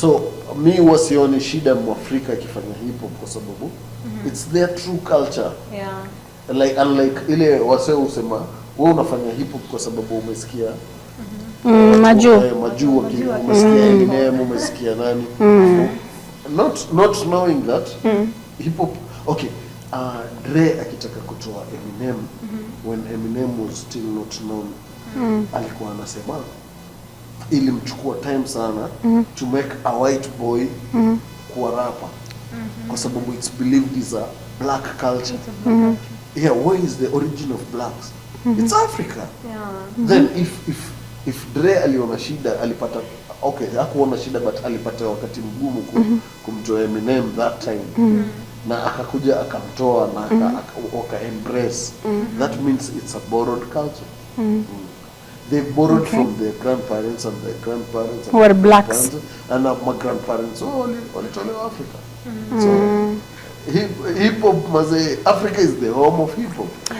So mi huwa sioni shida mwafrika akifanya hip hop kwa sababu mm -hmm. it's their true culture yeah. like unlike ile wasee husema wewe unafanya hip hop kwa sababu umesikia mhm. mm -hmm. uh, maju eh, maju umesikia mm. Eminem mm -hmm. umesikia nani mm -hmm. not not knowing that mm -hmm. hip hop okay uh, Dre akitaka kutoa Eminem mm -hmm. when Eminem was still not known mm -hmm. alikuwa anasema ilimchukua time sana mm -hmm. to make a white boy mm -hmm. kuwa rapa mm -hmm. kwa sababu it's believed is a black culture mm -hmm. yeah where is the origin of blacks mm -hmm. it's Africa yeah. mm -hmm. then if if if Dre aliona shida alipata okay hakuona shida but alipata wakati mgumu kum, mhm. mm -hmm. kumtoa Eminem that time mm -hmm. na akakuja akamtoa na mhm. waka mm -hmm. embrace mm -hmm. that means it's a borrowed culture mhm. mm -hmm. Mm -hmm. They borrowed okay. from their grandparents and their grandparents and who are blacks and my grandparents oh, walitolewa Africa. So mm. hip hop, Africa is the home of hip hop.